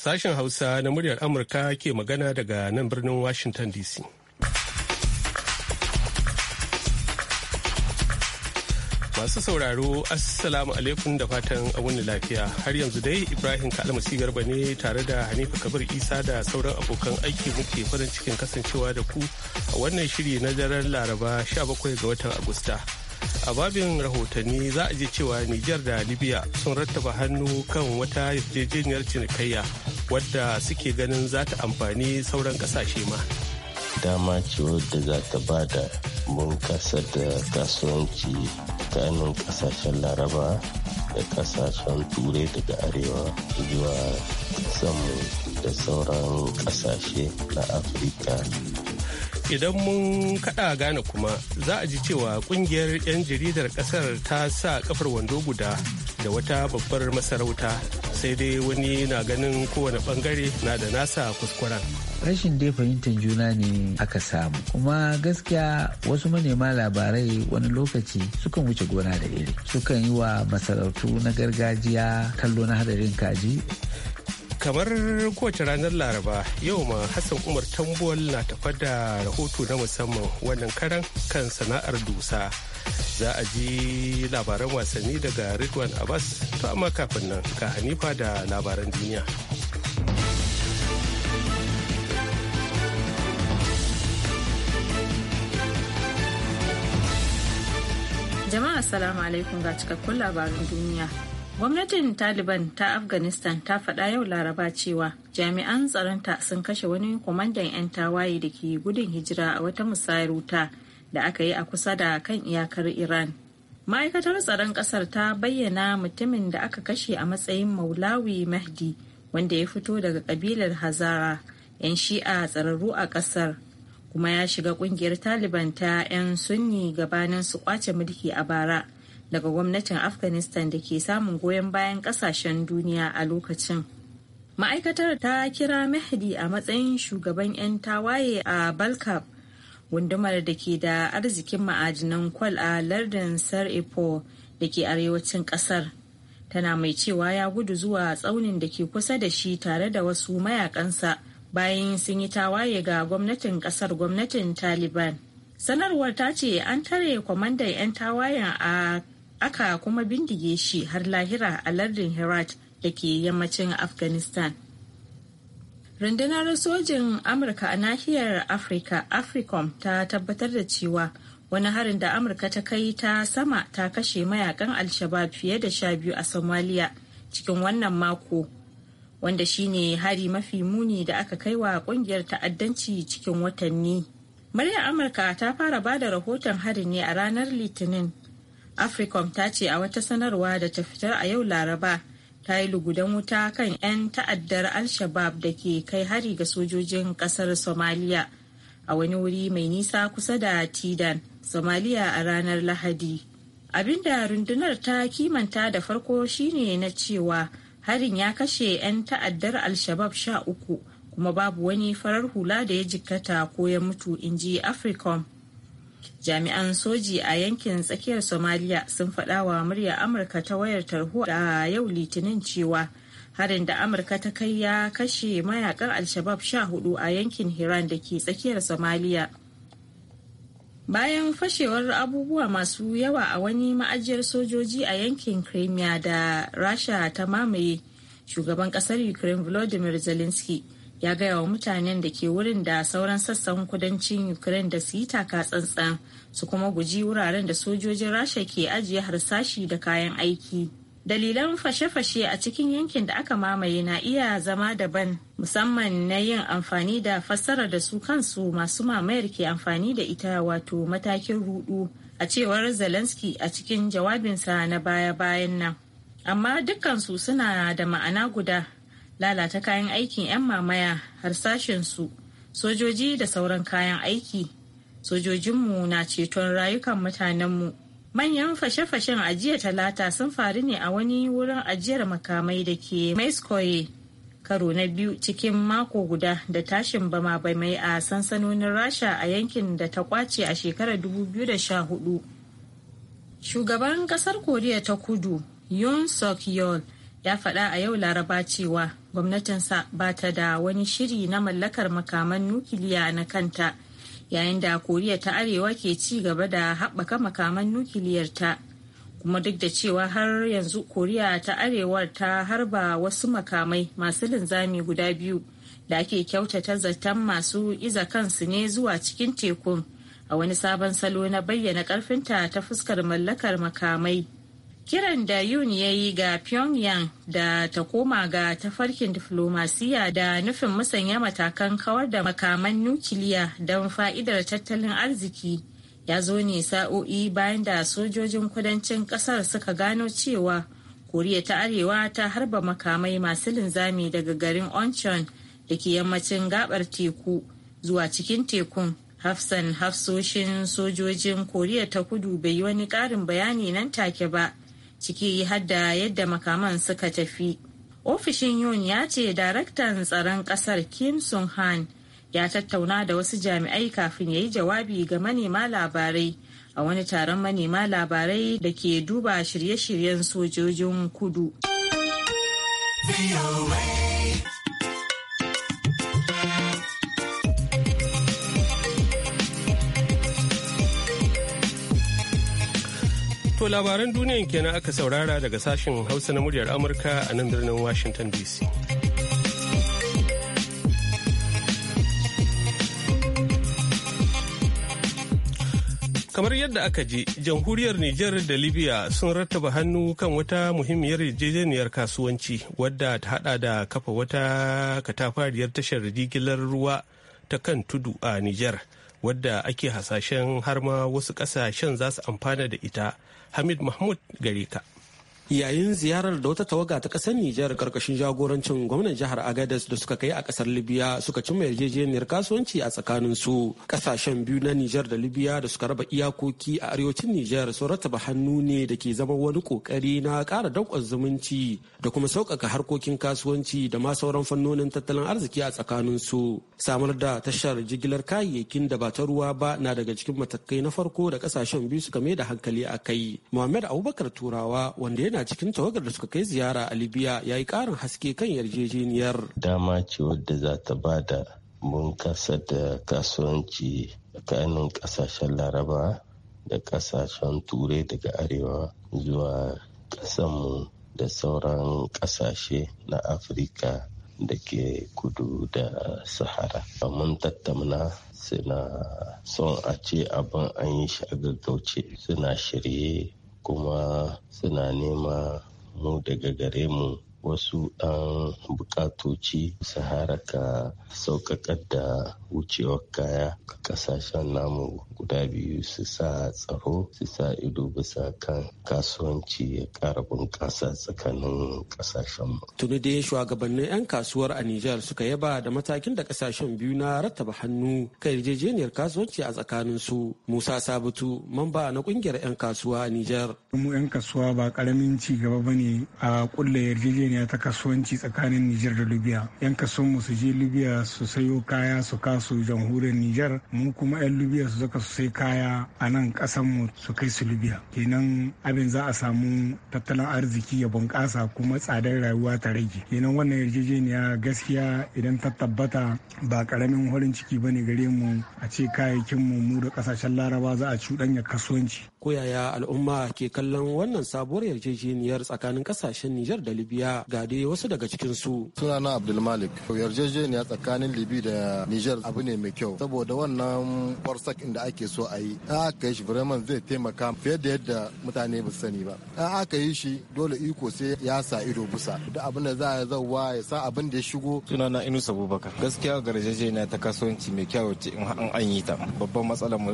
Sashen Hausa na muryar Amurka ke magana daga nan birnin Washington DC. Masu sauraro, Assalamu alaikum da fatan wani lafiya. Har yanzu dai Ibrahim Kalmasi Garba ne tare da Hanifa Kabir Isa da sauran abokan aiki muke farin cikin kasancewa da ku a wannan shiri na daren Laraba 17 ga watan Agusta. a babin rahotanni za a ji cewa nijar da libya sun rattaba hannu kan wata yarjejeniyar cinikayya wadda suke ganin za ta amfani sauran kasashe ma dama ce wadda za ta ba da bunkasa da kasuwanci tsakanin kasashen laraba da kasashen turai daga arewa zuwa samu da sauran kasashe na afirka idan mun kaɗa gane kuma za a ji cewa ƙungiyar 'yan jaridar ƙasar ta sa kafar wando guda da wata babbar masarauta sai dai wani na ganin kowane ɓangare na da nasa kuskuren rashin dai fahimtar juna ne aka samu kuma gaskiya wasu manema labarai wani lokaci sukan wuce gona da iri sukan yi wa masarautu na gargajiya kallo na hadarin kaji kamar kowace ranar laraba yau ma hassan umar tambuwal na tafa da rahoto na musamman wannan karan kan sana'ar dusa za a ji labaran wasanni daga ridwan abbas to amma kafin nan ga hanifa da labaran duniya jama'a assalamu alaikum ga cikakkun labarin duniya gwamnatin taliban ta afghanistan ta faɗa yau laraba cewa jami'an tsaronta sun kashe wani kwamandan 'yan tawaye da ke gudun hijira a wata musayar wuta da aka yi a kusa da kan iyakar iran ma'aikatar tsaron ƙasar ta bayyana mutumin da aka kashe a matsayin maulawi mahdi wanda ya fito daga kabilar hazara 'yan shi'a tsararru a ƙasar kuma ya shiga ƙungiyar taliban ta 'yan sunni gabanin su kwace mulki a bara daga gwamnatin afghanistan da ke samun goyon bayan kasashen duniya a lokacin ma'aikatar ta kira mahdi a matsayin shugaban 'yan tawaye a balkab gundumar da ke da arzikin ma'ajinan kwal a lardin sar e da ke arewacin kasar tana mai cewa ya gudu zuwa tsaunin da ke kusa da shi tare da wasu mayakansa bayan sun yi tawaye ga gwamnatin kasar gwamnatin taliban sanarwar ta ce an tare kwamandan 'yan tawayen a aka kuma bindige shi har lahira a lardin herat da ke yammacin afghanistan rundunar sojin amurka a nahiyar afirka africom ta tabbatar da cewa wani harin da amurka ta kai ta sama ta kashe mayakan al-shabab fiye da sha biyu a somalia cikin wannan mako wanda shine hari mafi muni da aka kai wa kungiyar ta'addanci cikin watanni Maryam amurka ta fara ba da rahoton harin ne a ranar litinin africom ta ce a wata sanarwa da ta fitar a yau laraba ta yi lugudan wuta kan 'yan ta'addar al-shabab da ke kai hari ga sojojin kasar Somalia a wani wuri mai nisa kusa da tidan Somalia a ranar lahadi abinda rundunar ta kimanta da farko shine na cewa harin ya kashe 'yan ta'addar al-shabab sha uku kuma babu wani farar hula da ya jikkata ko ya mutu in ji africom jami'an soji a yankin tsakiyar somaliya sun faɗa wa murya amurka ta wayar tarho a yau litinin cewa harin da amurka ta kai ya kashe mayakan alshabab sha hudu a yankin hiran da ke tsakiyar somaliya bayan fashewar abubuwa masu yawa a wani ma'ajiyar sojoji a yankin crimea da rasha ta mamaye shugaban kasar ukraine volodymyr zelensky ya gaya wa mutanen da ke wurin da sauran sassan kudancin ukraine da su yi taka tsantsan su kuma guji wuraren da sojojin rasha ke ajiye harsashi da kayan aiki dalilan fashe-fashe a cikin yankin da aka mamaye na iya zama daban musamman na yin amfani da fassara da su kansu masu mamayar ke amfani da ita wato matakin rudu a cewar zelensky a cikin jawabinsa na baya-bayan nan amma dukkansu suna da ma'ana guda lalata kayan aikin 'yan mamaya su sojoji da sauran kayan aiki sojojinmu na ceton rayukan mutanenmu manyan fashe-fashen ajiya talata sun faru ne a wani wurin ajiyar makamai da ke maiskoye karo na biyu cikin mako guda da tashin bama bai mai a sansanonin rasha a yankin da ta kwace a shekarar 2014 shugaban kasar koriya ta kudu yun suk yol ya faɗa a yau laraba cewa gwamnatinsa ba ta da wani shiri na mallakar makaman nukiliya na kanta yayin da koriya ta arewa ke ci gaba da haɓaka makaman nukiliyar ta kuma duk da cewa har yanzu koriya ta arewa ta harba wasu makamai masu linzami guda biyu da ake kyautata zaton masu iza kansu ne zuwa cikin tekun a wani sabon salo na bayyana karfinta ta fuskar mallakar makamai kiran da yun ya yi ga pyongyang da ta koma ga tafarkin diflomasiya da nufin musanya matakan kawar da makaman nukiliya don fa'idar tattalin arziki ya zo ne sa'o'i bayan da sojojin kudancin kasar suka gano cewa koriya ta arewa ta harba makamai masu linzami daga garin onchon da ke yammacin gabar teku zuwa cikin tekun hafsan hafsoshin sojojin koriya ta kudu bai yi wani karin bayani nan take ba ciki hadda yadda makaman suka tafi. Ofishin Yun ya ce daraktan tsaron ƙasar Kim Sun Han ya tattauna da wasu jami'ai kafin ya yi jawabi ga manema labarai a wani taron manema labarai da ke duba shirye-shiryen sojojin kudu. To labaran duniyan kenan aka saurara daga sashen Hausa na muryar Amurka a nan birnin Washington DC. kamar yadda aka je jamhuriyar niger da libya sun rattaba hannu kan wata muhimmiyar yarjejeniyar kasuwanci wadda ta hada da kafa wata katafariyar tashar jigilar ruwa ta kan tudu a niger wadda ake hasashen har ma wasu kasashen za su amfana da ita حميد محمود غريكا yayin ziyarar da wata tawaga ta kasar Nijar karkashin jagorancin gwamnan jihar Agadez da suka kai a kasar Libya suka cimma yarjejeniyar kasuwanci a tsakanin su kasashen biyu na Nijar da Libya da suka raba iyakoki a arewacin Nijar sun rattaba hannu ne da ke zama wani kokari na kara daukar zumunci da kuma sauƙaƙa harkokin kasuwanci da ma sauran fannonin tattalin arziki a tsakanin su samar da tashar jigilar kayayyakin da ba ta ruwa ba na daga cikin matakai na farko da kasashen biyu suka mai da hankali a kai Muhammad Abubakar Turawa wanda yana na cikin tawagar da suka kai ziyara a libya ya yi ƙarin haske kan yarjejeniyar dama ce wadda za ta ba da bunƙasa da kasuwanci tsakanin kasashen laraba da ƙasashen turai daga arewa zuwa kasanmu da sauran ƙasashe na afirka da ke kudu da sahara mun tattauna suna son a ce abin an yi shi a gaggauce suna shirye kuma suna nema mu daga gare mu wasu ɗan eh, bukatoci su haraka sauƙaƙar da wucewar kaya ga ƙasashen namu guda biyu su sa tsaro su sa ido bisa kan kasuwanci ya ƙara bunƙasa tsakanin ƙasashen tuni dai shugabannin 'yan kasuwar a nijar suka yaba da matakin da kasashen biyu na rattaba hannu kan yarjejeniyar kasuwanci a tsakanin su musa sabitu mamba na ƙungiyar 'yan kasuwa a nijar mu 'yan kasuwa ba ƙaramin ci gaba ba ne a ƙulla yarjejeniyar yarjejeniya ta kasuwanci tsakanin Nijar da Libya. 'Yan kasuwanmu su je Libya su sayo kaya su kasu jamhuriyar Nijar, mu kuma 'yan Libya su zaka su sai kaya a nan kasanmu su kai su Libya. Kenan abin za a samu tattalin arziki ya bunƙasa kuma tsadar rayuwa ta rage. Kenan wannan yarjejeniya gaskiya idan ta tabbata ba ƙaramin horin ciki ba ne gare mu a ce kayayyakin mu da kasashen Laraba za a cuɗanya kasuwanci. koyaya al'umma ke kallon wannan sabuwar yarjejeniyar tsakanin kasashen Nijar da Libya? ga dai wasu daga cikin su. Sunana Abdul Malik. Yarjejeniya tsakanin Libi da Niger abu ne mai kyau saboda wannan in da ake so a yi. a aka yi shi vraiment zai taimaka fiye da yadda mutane ba sani ba. A aka yi shi dole iko sai ya sa ido busa. Duk abin da za a zauwa ya sa abin da ya shigo. Sunana sabu Abubakar. Gaskiya garjejeniya ta kasuwanci mai kyau ce in an yi ta. Babban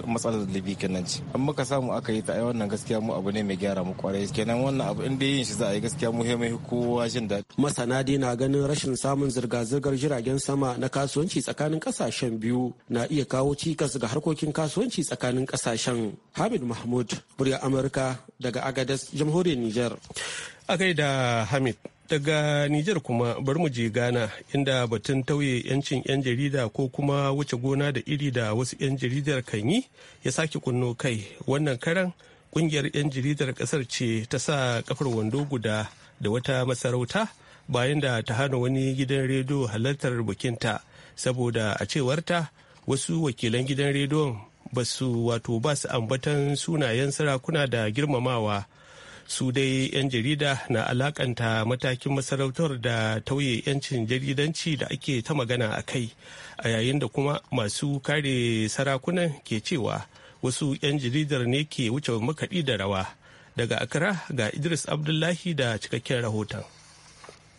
matsalar Libi kenan ce. An muka samu aka yi ta ai wannan gaskiya mu abu ne mai gyara mu kwarai. Kenan wannan abu in dai yin shi za a yi gaskiya mu kowa jin daɗi. Masana dai na ganin rashin samun zirga-zirgar jiragen sama na kasuwanci tsakanin kasashen biyu na iya kawo cikas ga harkokin kasuwanci tsakanin kasashen Hamid Mahmud, murya Amurka daga Agadez, Jamhuriyar Nijar. A da Hamid, daga Nijar kuma bar mu je Ghana inda batun tauye 'yancin 'yan jarida ko kuma wuce gona da iri da wasu 'yan jaridar kan yi ya sake kunno kai wannan karan ƙungiyar 'yan jaridar kasar ce ta sa kafar wando guda da wata masarauta bayan da ta hana wani gidan rediyo halartar bikinta saboda a cewarta wasu wakilan gidan rediyon ba su wato ba su ambatan sunayen sarakuna da girmamawa su dai 'yan jarida na alakanta matakin masarautar da tauye 'yancin jaridanci da ake ta magana a kai a yayin da kuma masu kare sarakunan ke cewa wasu 'yan jaridar ne ke wuce makaɗi da rawa Daga Accra ga Idris Abdullahi da cikakken rahoton.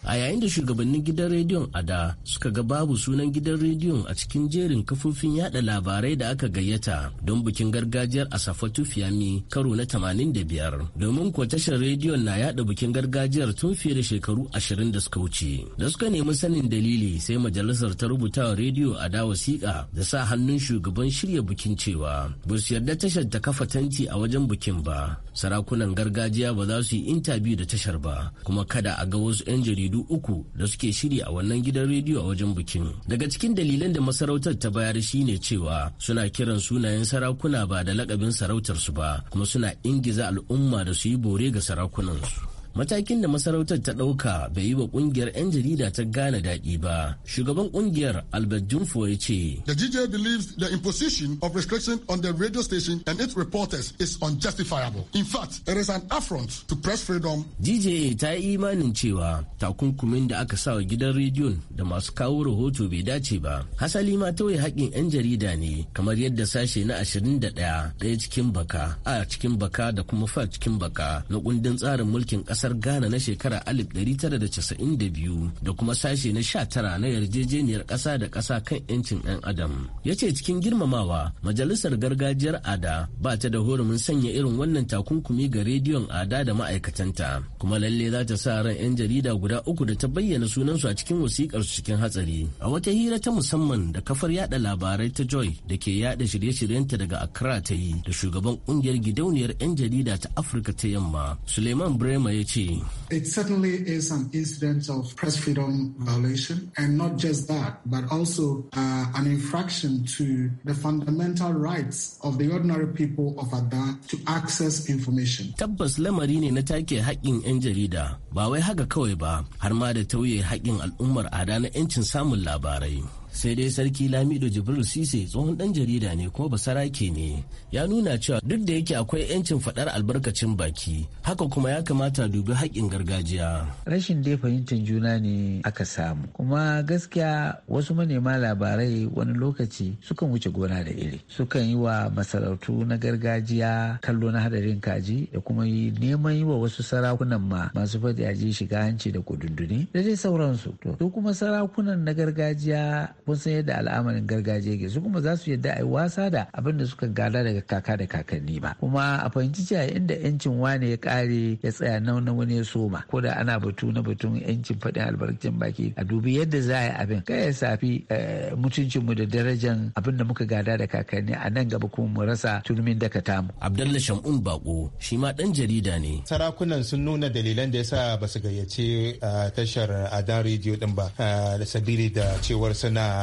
a yayin da shugabannin gidan rediyon a da suka ga babu sunan gidan rediyon a cikin jerin kafofin yada labarai da aka gayyata don bikin gargajiyar asafatu fiyami karo na tamanin da biyar domin kuwa tashar rediyon na yada bikin gargajiyar tun fiye da shekaru ashirin da suka wuce da suka nemi sanin dalili sai majalisar ta rubuta wa rediyo a da wasiƙa da sa hannun shugaban shirya bikin cewa ba su yarda tashar ta kafa tanti a wajen bikin ba sarakunan gargajiya ba za su yi intabiyu da tashar ba kuma kada a ga wasu 'yan jaridu al'adu uku da suke shiri a wannan gidan rediyo a wajen bikin daga cikin dalilan da masarautar ta bayar shine cewa suna kiran sunayen sarakuna ba da lakabin sarautar su ba kuma suna ingiza al'umma da su yi bore ga sarakunansu matakin da masarautar ta ɗauka bai yi wa ƙungiyar 'yan jarida ta gane daɗi ba shugaban ƙungiyar albert jumfo ya ce the gj believes the imposition of restriction on the radio station and its reporters is unjustifiable in fact it is an affront to press freedom gj ta yi imanin cewa takunkumin da aka sa wa gidan rediyon da masu kawo rahoto bai dace ba hasali ma ta tauye haƙƙin 'yan jarida ne kamar yadda sashe na ashirin 21 ɗaya cikin baka a cikin baka da kuma fa cikin baka na kundin tsarin mulkin ƙasa kasar Ghana na shekara 1992 da kuma sashe na 19 na yarjejeniyar ƙasa da ƙasa kan 'yancin 'yan adam. Ya ce cikin girmamawa majalisar gargajiyar ada ba ta da horumin sanya irin wannan takunkumi ga rediyon ada da ma'aikatanta kuma lalle za ta sa ran 'yan jarida guda uku da ta bayyana sunansu a cikin wasikar su cikin hatsari. A wata hira ta musamman da kafar yada labarai ta Joy da ke yada shirye-shiryenta daga Accra ta yi da shugaban kungiyar gidauniyar 'yan jarida ta Afirka ta yamma Suleiman Brema ya ce. It certainly is an incident of press freedom violation, and not just that, but also uh, an infraction to the fundamental rights of the ordinary people of Accra to access information. Tabbas lamari ne na take haƙƙin 'yan jarida, ba wai haka kawai ba, har ma da tauye haƙƙin al'ummar Ada na 'yancin samun labarai. sai dai sarki lamido jibril sise tsohon dan jarida ne kuma basarake ne ya nuna cewa duk da yake akwai yancin fadar albarkacin baki haka kuma ya kamata dubi haƙƙin gargajiya rashin dai fahimtar juna ne aka samu kuma gaskiya wasu manema labarai wani lokaci sukan wuce gona da iri sukan yi wa masarautu na gargajiya kallo na hadarin kaji da kuma yi neman yi wa wasu sarakunan ma masu fadiyaji shiga hanci da kudundune da dai sauransu to kuma sarakunan na gargajiya kun san yadda al'amarin gargajiya ke su kuma za su yadda a yi wasa da abin da suka gada daga kaka da kakanni ba kuma a fahimci cewa inda yancin wane ya kare ya tsaya na wani ya soma ko da ana batu na batun yancin faɗin albarkacin baki a dubi yadda za a yi abin kai ya safi eh, mutuncinmu da darajan abin da muka gada da kakanni a nan gaba kuma mu rasa turmin daka tamu. Abdullahi Shamun Bako shi ma ɗan jarida ne. Sarakunan sun nuna dalilan da ya sa ba su gayyace eh, tashar Adan rediyo din ba da eh, sabili da cewar suna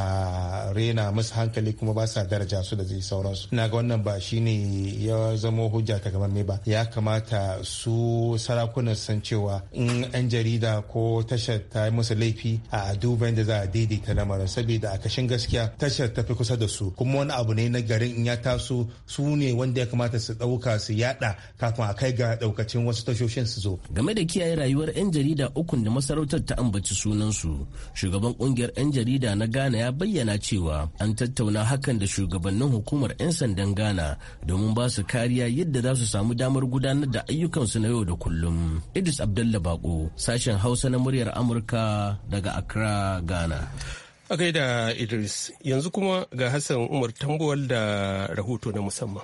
rena musu hankali kuma ba sa daraja su da zai sauransu na ga wannan ba shine ya zamo hujja ta gaban ba ya kamata su sarakunan san cewa in yan jarida ko tashar ta yi musu laifi a duba da za a daidaita lamarin saboda a kashin gaskiya tashar ta fi kusa da su kuma wani abu ne na garin in ya taso su ne wanda ya kamata su ɗauka su yada kafin a kai ga ɗaukacin wasu tashoshin su zo game da kiyaye rayuwar yan jarida ukun da masarautar ta ambaci sunansu shugaban kungiyar yan jarida na ghana ya ya bayyana cewa an tattauna hakan da shugabannin hukumar 'yan sandan Ghana domin ba su kariya yadda za su samu damar gudanar da ayyukansu na yau da kullum. Idris Abdullah Bako, sashen Hausa na muryar Amurka daga Accra, Ghana. A da Idris, yanzu kuma ga Hassan Umar Tambuwal da rahoto na musamman.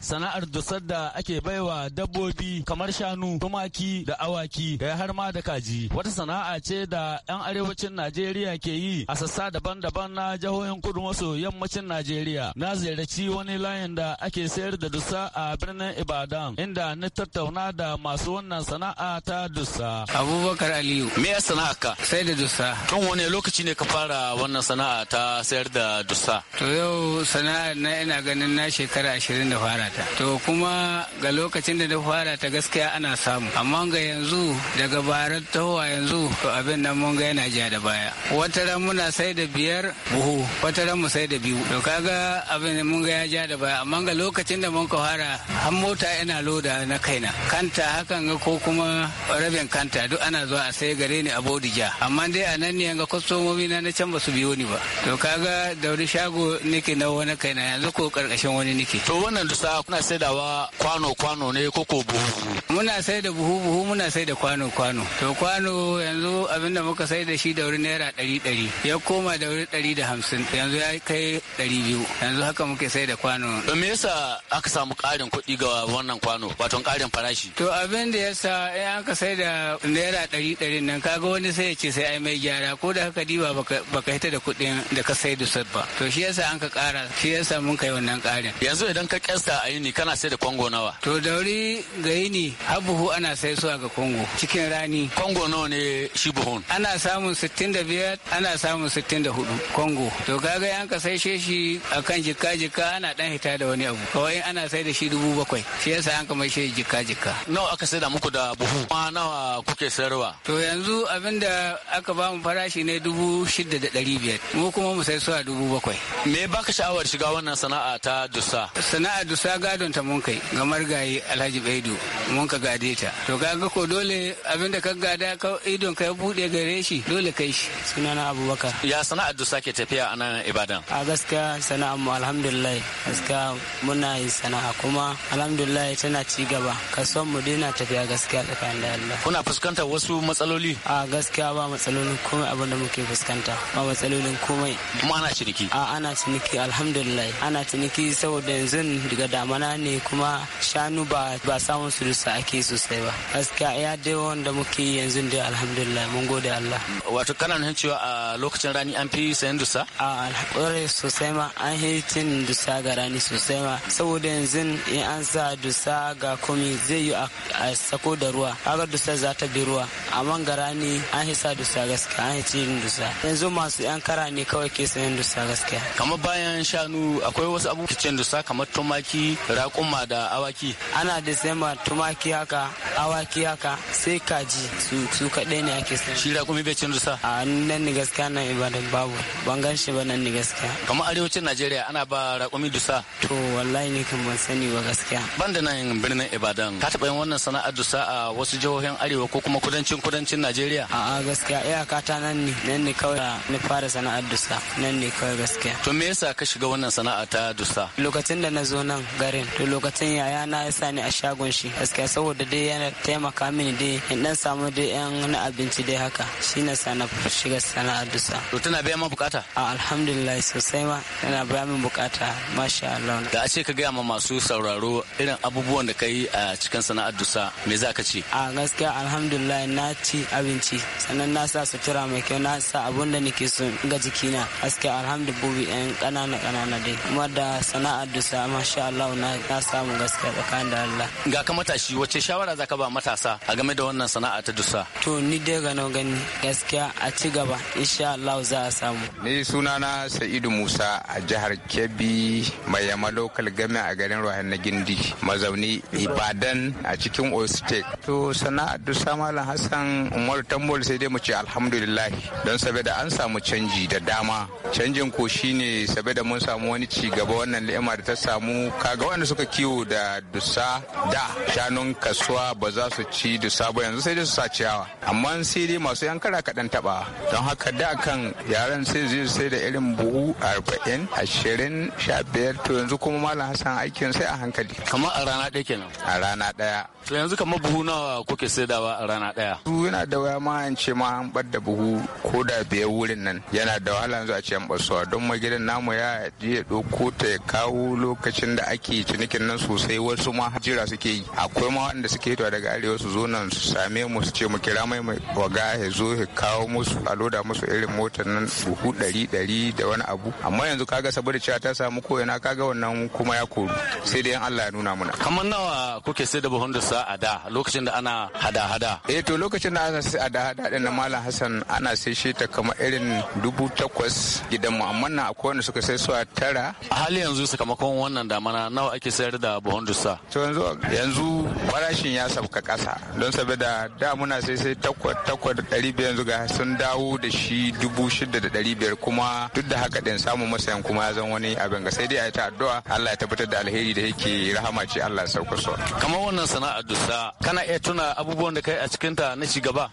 sana'ar dusar da ake baiwa dabbobi kamar shanu tumaki da awaki da har ma da kaji wata sana'a ce da 'yan arewacin najeriya ke yi a sassa daban-daban na jihohin kudu maso yammacin najeriya na ziyarci wani layin da ake sayar da dusa a birnin ibadan inda na tattauna da masu wannan sana'a ta dusa abubakar aliyu me ya ka? sai da dusa tun wani lokaci ne ka fara wannan sana'a ta sayar da dusa to yau sana'a na ina ganin na shekara ashirin da fara ta to kuma ga lokacin da na fara ta gaskiya ana samu amma ga yanzu daga barar tahowa yanzu to abin nan mun ga yana ja da baya wata ran muna sai da biyar buhu wata ran mu sai da biyu to kaga abin mun ga ya ja da baya amma ga lokacin da mun ka fara har mota yana loda na kaina kanta hakan ga ko kuma rabin kanta duk ana zuwa a sai gare ni a bodija amma dai a nan ne ga kwastomomi na na can ba su biyo ni ba to kaga da wani shago nake na wani kaina yanzu ko karkashin wani nake to wannan dusa da kuna saidawa kwano-kwano ne koko buhu? Muna da buhu-buhu muna da kwano-kwano. To kwano yanzu abin da muka da shi da wuri naira ɗari ɗari ya koma da wuri ɗari da hamsin yanzu ya kai ɗari biyu yanzu haka muke da kwano. To me yasa aka samu ƙarin kuɗi ga wannan kwano wato ƙarin farashi? To abin da yasa in sai da naira ɗari ɗari nan kaga wani sai ya ce sai ai mai gyara ko da haka diba baka hita da kuɗin da ka sai da ba. To shi yasa an ka ƙara shi yasa mun kai wannan ƙarin. Yanzu idan ka ƙyasta a kana sai da kongo nawa to da wuri ga yini habuhu buhu ana sai suwa ga kongo cikin rani kongo nawa ne shi buhun ana samun 65 ana samun 64 kongo. to gaga yan ka sai shi akan jika jika ana dan hita da wani abu kawai ana sai da shi dubu bakwai shi yasa an kama shi jika jika nawa aka sai da muku da buhu ma nawa kuke sayarwa to yanzu abinda aka ba mu farashi ne dubu shida da dari biyar mu kuma mu sai suwa dubu bakwai me baka sha'awar shiga wannan sana'a ta dusa sana'a dusa gadon ta mun kai ga margayi alhaji baidu mun ka gade ta to kaga ko dole abin da ka gada ka idon ka bude gare shi dole kai shi sunana abubakar ya sana'a dusa ke tafiya a nan ibadan a gaskiya sana'a mu alhamdulillah gaskiya muna yin sana'a kuma alhamdulillah tana ci gaba kasuwan mu dina tafiya gaskiya da kan Allah kuna fuskantar wasu matsaloli a gaskiya ba matsalolin komai abin da muke fuskanta ba matsalolin komai kuma ana ciniki a ana ciniki alhamdulillah ana ciniki saboda yanzu daga damana ne kuma shanu ba ba samun su dusa ake sosai ba gaskiya ya da wanda muke yanzu dai alhamdulillah mun gode Allah wato kana nan cewa a lokacin rani an fi sayan dusa a alhamdulillah sosai ma an hitin dusa ga rani sosai ma saboda yanzu in an sa dusa ga komi zai yi a sako da ruwa kaga dusa za ta bi ruwa amma ga rani an hisa dusa gaskiya an hitin dusa yanzu masu yan kara ne kawai ke sayan dusa gaskiya kamar bayan shanu akwai wasu abubuwan kicin dusa kamar tumaki tumaki raƙuma da awaki ana disamba tumaki haka awaki haka sai kaji su su kaɗai ne ake sayar shi raƙumi bai cin dusa a nan ni gaskiya nan ibadan babu ban gan shi ba nan ni gaskiya kamar arewacin najeriya ana ba raƙumi dusa to wallahi ne kan ban sani ba gaskiya ban da nan birnin ibadan ka taɓa yin wannan sana'ar dusa a wasu jihohin arewa ko kuma kudancin kudancin najeriya a'a gaskiya iyaka ta nan ne nan ne kawai ni fara sana'ar dusa nan ne kawai gaskiya to me yasa ka shiga wannan sana'a ta dusa lokacin da na zo nan garin to lokacin yaya na ya sani a shagon shi gaskiya saboda dai yana taimaka mini dai in dan samu dai yan na abinci dai haka shi na sana shiga sana'ar dusa to tana biya ma bukata a alhamdulillah sosai ma tana biya min bukata masha Allah da a ce ka gaya ma masu sauraro irin abubuwan da kai a cikin sana'ar dusa me za ka ce a gaskiya alhamdulillah na ci abinci sannan na sa sutura mai kyau na sa abun da nake so ga jikina gaskiya alhamdulillah yan kanana kanana dai kuma da sana'ar dusa masha Allah na samu gaskiya tsakanin da Allah. Ga ka matashi wace shawara za ka ba matasa a game da wannan sana'a ta dusa? To ni dai ga gani gaskiya a ci gaba insha Allah za a samu. Ni sunana Sa'idu Musa a jihar Kebbi mai yama local game a garin Rohan na Gindi mazauni Ibadan a cikin Ostek. To sana'a dusa Malam Hassan Umar Tambol sai dai mu ce alhamdulillah don saboda an samu canji da dama. Canjin ko shine saboda mun samu wani ci gaba wannan ni'ima da ta samu kaga waɗanda wanda suka kiwo da dusa da shanun kasuwa ba za su ci dusa ba yanzu sai dai su sa ciyawa amma sai dai masu yankara kaɗan taɓa don haka da kan yaran sai zai sai da irin buhu arba'in ashirin sha biyar to yanzu kuma malam hassan aikin sai a hankali kamar a rana ɗaya kenan a rana ɗaya To yanzu kamar buhu nawa kuke saidawa a rana ɗaya? Su yana da waya ma an ce ma an bar da buhu ko da biyar wurin nan yana da wahala yanzu a ce an ɓasuwa don gidan namu ya je ya ɗauko ta ya kawo lokacin da ake cinikin nan sosai wasu ma jira suke yi. Akwai ma waɗanda suke hitowa daga arewa su zo nan su same mu su ce mu kira mai waga ya zo ya kawo musu a loda musu irin motar nan buhu ɗari ɗari da wani abu. Amma yanzu kaga saboda cewa ta samu ko ina kaga wannan kuma ya koru sai dai Allah ya nuna muna. Kamar nawa kuke sai da buhun da za a da lokacin da ana hada-hada eh to lokacin da ana sai hada-hada din na malam hassan ana sai shi ta kama irin dubu takwas gidan mu amma na akwai wanda suka sai su a tara a hali yanzu sakamakon wannan damana nawa ake sayar da buhun dusa to yanzu yanzu farashin ya sauka kasa don saboda da muna sai sai takwas takwas da ɗari biyar yanzu ga sun dawo da shi dubu shida da ɗari biyar kuma duk da haka din samun masayan kuma ya zan wani abin ga sai dai a yi ta addu'a Allah ya tabbatar da alheri da yake rahama ce Allah ya sauka su kamar wannan sana'a dusa kana iya tuna abubuwan da kai a cikin ta na gaba.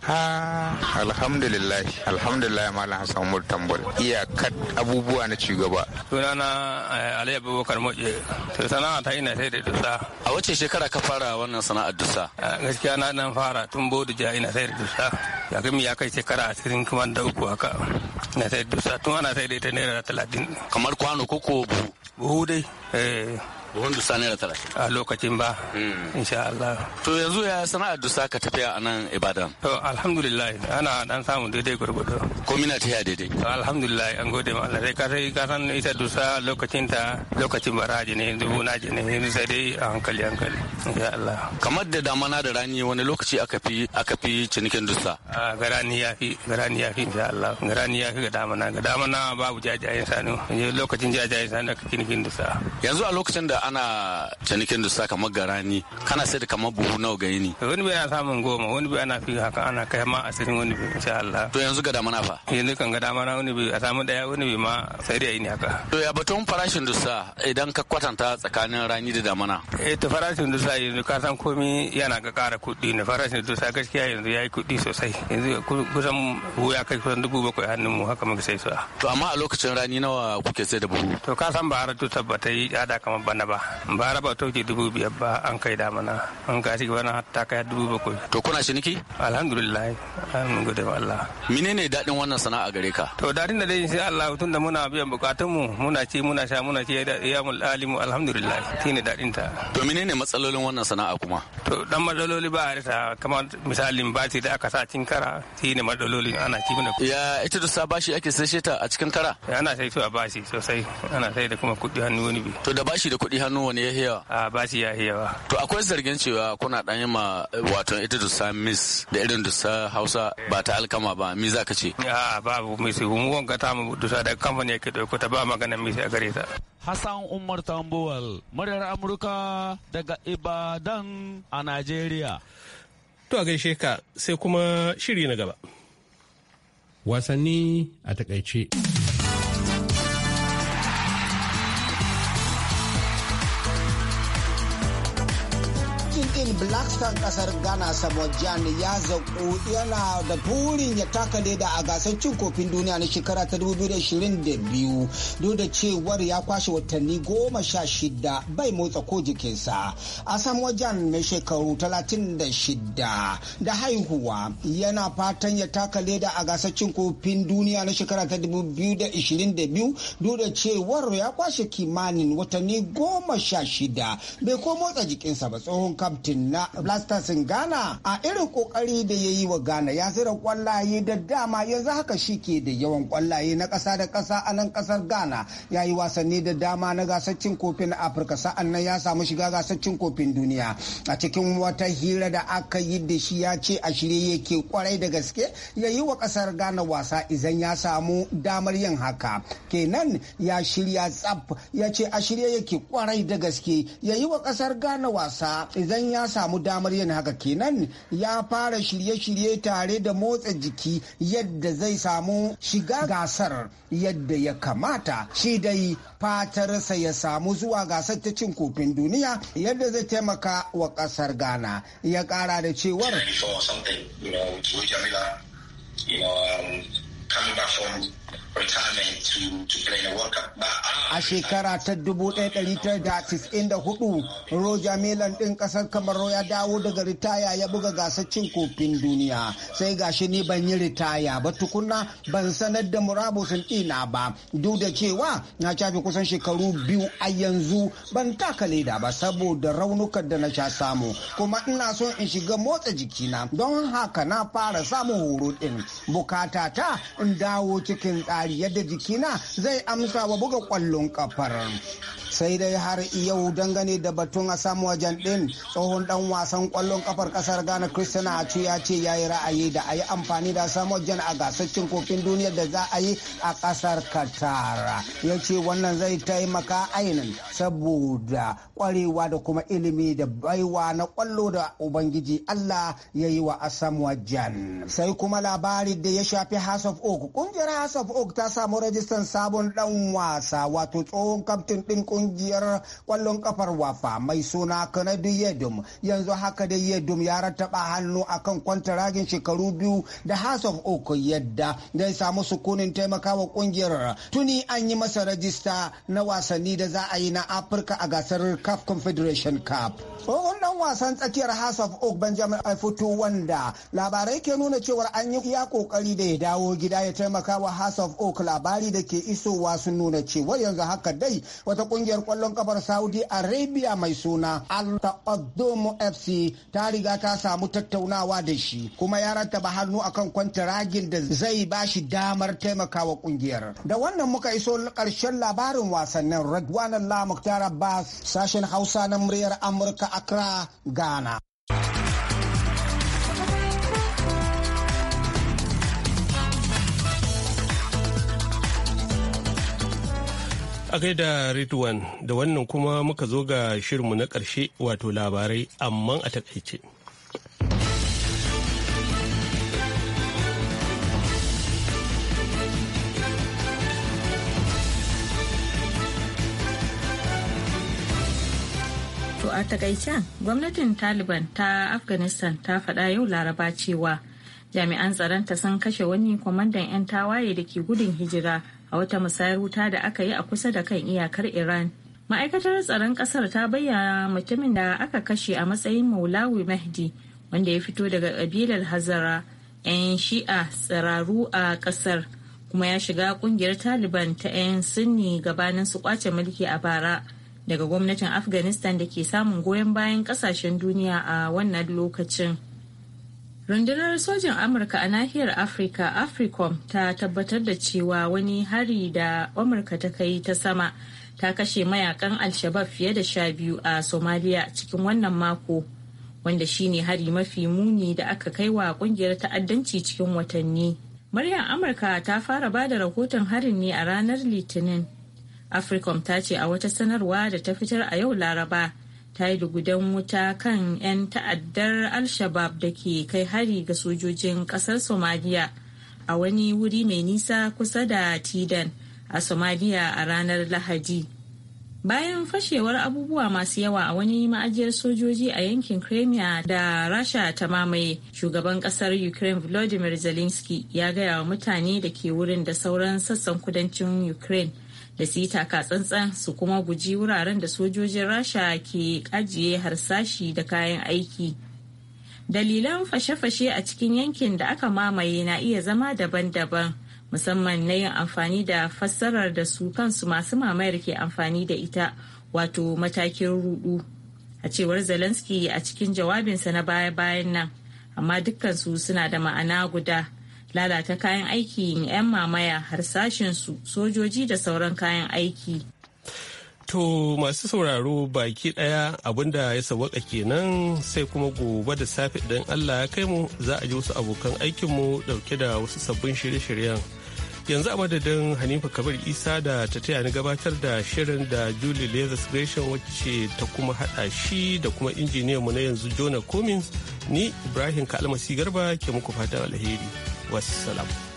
alhamdulillah alhamdulillah malam hassan umar iya kat abubuwa na cigaba sunana eh, ali abubakar moje to sana'a ta ina sai da dusa a wace shekara ka fara wannan sana'ar dusa gaskiya na dan fara tun bodu ja ina sai da dusa ya kai ya kai shekara ashirin kuma da uku haka ina sai da dusa tun ana sai da ita naira talatin kamar kwano ko ko buhu buhu dai eh. buhun dusa naira talatin a lokacin ba hmm. insha Allah to yanzu ya sana'ar dusa ka tafiya a nan ibadan to alhamdulillah ana dan samu daidai gurgudu ko mina tafiya daidai to alhamdulillah an gode ma Allah sai ka sai ka san ita dusa lokacin ta lokacin baraji ne dubu ji ne sai dai a hankali hankali insha Allah kamar da damana da rani wani lokaci aka fi aka fi cinikin dusa a garani ya fi garani ya fi insha Allah garani ya fi ga damana ga damana babu jajayen sanu lokacin jajayen sanu aka cinikin dusa yanzu a lokacin da ana cinikin da sa kamar garani kana sai da kamar buhu nawa gari ne wani bai ana samun goma wani bai ana fi haka ana kai ma a asirin wani bai insha Allah to yanzu ga damana fa yanzu eh, kan ga damana wani bai a samu daya wani bai ma sai da ne haka to ya batun farashin dusa idan ka kwatanta tsakanin rani da damana eh to farashin dusa yanzu ka san komai yana ga kara kuɗi ne farashin dusa gaskiya yanzu yayi kuɗi sosai yanzu kusan buhu ya kai kusan dubu bakwai hannun mu haka muka sai su to amma a lokacin rani nawa kuke sai da buhu to ka san ba har to tabbata yi ada kamar bana ba bara ba tauke dubu biyar ba an kai da mana an ka ci bana ta kai dubu bakwai to kuna ciniki alhamdulillah an gode wa Allah menene dadin wannan sana'a gare ka to dadin da dai sai Allah da muna biyan bukatun mu muna ci muna sha muna ci ya mul alimu alhamdulillah shine dadin ta to menene matsalolin wannan sana'a kuma to dan matsaloli ba ta kamar misalin bati da aka sa cin kara shine matsalolin ana ci mana ya ita sa bashi ake sai ta a cikin kara ana sai to bashi sosai ana sai da kuma kudi hannu wani bi to da bashi da kudi hannu wani yahiya a ba shi yahiya to akwai zargin cewa kuna dan yi ma wato ita dusa miss da irin dusa hausa ba ta alkama ba mi za ka ce a ba miss mu wanka ta mu dusa da kamfani yake dauko ta ba magana miss a gare ta Hassan Umar Tambuwal, muryar Amurka daga Ibadan a Najeriya. To a gaishe ka sai kuma shiri na gaba. Wasanni a takaice. kevin Blackstone kasar ghana samojan ya zaku yana da burin ya taka leda a gasar cin kofin duniya na shekara ta 2022 duk da cewar ya kwashe watanni goma sha shida bai motsa ko jikinsa a wajen mai shekaru 36 da haihuwa yana fatan ya taka leda a gasar cin kofin duniya na shekara ta 2022 duk da cewar ya kwashe kimanin watanni goma sha shida bai ko motsa jikinsa ba tsohon kaftin kwamitin na blasters ghana a irin kokari da ya yi wa ghana ya zira kwallaye da dama yanzu haka shi ke da yawan kwallaye na kasa da kasa a nan kasar ghana ya yi wasanni da dama na gasar cin kofin afirka sa'an nan ya samu shiga gasar cin kofin duniya a cikin wata hira da aka yi da shi ya ce a shirye yake kwarai da gaske ya yi wa kasar ghana wasa idan ya samu damar yin haka kenan ya shirya tsaf ya ce a shirye yake kwarai da gaske ya yi wa kasar ghana wasa idan ya ya samu damar yin haka kenan ya fara shirye-shirye tare da motsa jiki yadda zai samu shiga gasar yadda ya kamata shi dai fatarsa ya samu zuwa gasar ta cin kofin duniya yadda zai taimaka wa kasar ghana ya kara da cewar A shekara ta 1994, Roger Milan ɗin ƙasar Kamaru ya dawo daga ritaya ya buga gasar cin kofin duniya. Sai gashi ni ban yi ritaya ba tukunna ban sanar da murabusin ɗina ba. Duk da cewa na shafi kusan shekaru biyu a yanzu ban taka leda ba saboda raunukan da na sha samu. Kuma ina son in shiga motsa jikina don haka na fara samun horo ɗin. Bukata ta in dawo cikin ƙari yadda jikina zai amsa wa buga ƙwallon ƙafar sai dai har yau dangane da batun a samu wajen din tsohon dan wasan kwallon kafar kasar ghana christian ce ya ce ya yi ra'ayi da a yi amfani da samu wajen a gasar kofin duniya da za a yi a kasar qatar ya ce wannan zai taimaka ainin saboda kwarewa da kuma ilimi da baiwa na kwallo da ubangiji allah ya yi wa asam wajen sai kuma labari da ya shafi house of oak kungiyar house of oak ta samu rajistan sabon dan wasa wato tsohon kamtin din kungiyar kwallon kafar wafa mai suna kanadu yedum yanzu haka dai yedum ya rattaba hannu akan kwantaragin shekaru biyu da house of oak yadda zai samu sukunin taimakawa kungiyar tuni an yi masa rajista na wasanni da za a yi na afirka a gasar cup confederation cup tsohon dan wasan tsakiyar house of oak benjamin aifutu wanda labarai ke nuna cewar an yi iya kokari da ya dawo gida ya taimakawa house of oak labari da ke isowa sun nuna cewa yanzu haka dai wata kungiyar kungiyar kwallon kafar Saudi Arabia mai suna Al Taqaddumu FC ta riga ta samu tattaunawa da shi kuma ya rattaba hannu akan kwantaragin da zai ba shi damar taimakawa kungiyar. Da wannan muka iso karshen labarin wasannin Radwan Allah Muktar Abbas sashen Hausa na muryar Amurka Accra, Ghana. A da Ridwan da wannan kuma muka zo ga shirinmu na ƙarshe wato labarai amma a takaice. To a takaicen gwamnatin Taliban ta Afghanistan ta faɗa yau laraba cewa jami'an tsaronta sun kashe wani kwamandan 'yan tawaye da ke gudun hijira a wata musayar wuta da aka yi a kusa da kan iyakar iran ma'aikatar tsaron kasar ta bayyana mutumin da aka kashe a matsayin maulawi mahdi wanda ya fito daga kabilar hazara 'yan shi'a tsararru a kasar kuma ya shiga kungiyar taliban ta 'yan sunni gabanin su kwace mulki a bara daga gwamnatin afghanistan da ke samun goyon bayan kasashen duniya a wannan lokacin rundunar sojin amurka a nahiyar afirka africom ta tabbatar da cewa wani hari da amurka ta kai ta sama ta kashe mayakan alshabab fiye da sha biyu a somalia cikin wannan mako wanda shine hari mafi muni da aka kai wa kungiyar ta'addanci cikin watanni muryar amurka ta fara ba da rahoton harin ne a ranar litinin africom ta ce a wata sanarwa da ta fitar a yau laraba ta yi lugudan wuta kan 'yan ta'addar al-shabab da ke kai hari ga sojojin kasar somaliya a wani wuri mai nisa kusa da tidan a somaliya a ranar lahadi bayan fashewar abubuwa masu yawa a wani ma'ajiyar sojoji a yankin crimea da rasha ta mamaye shugaban kasar ukraine volodymyr zelensky ya gaya wa mutane da ke wurin da sauran sassan kudancin ukraine da su yi taka tsantsan su kuma guji wuraren da sojojin rasha ke ajiye harsashi da kayan aiki dalilan fashe-fashe a cikin yankin da aka mamaye na iya zama daban-daban musamman na yin amfani da fassarar da su kansu masu mamayar ke amfani da ita wato matakin rudu a cewar zelensky a cikin jawabinsa na baya-bayan nan amma dukkansu suna da ma'ana guda lalata kayan aikin 'yan mamaya harsashinsu sojoji da sauran kayan aiki To masu sauraro baki ɗaya abinda ya sawaka kenan sai kuma gobe da safe idan Allah ya kai mu za a ji wasu abokan aikinmu ɗauke da wasu sabbin shirye-shiryen. Yanzu a madadin Hanifa Kabir Isa da ta taya ni gabatar da shirin da Julie Lazarus Gresham wacce ta kuma haɗa shi da kuma injiniyan mu na yanzu Jonah Cummins ni Ibrahim Kalmasi Garba ke muku fatan alheri. wassalam.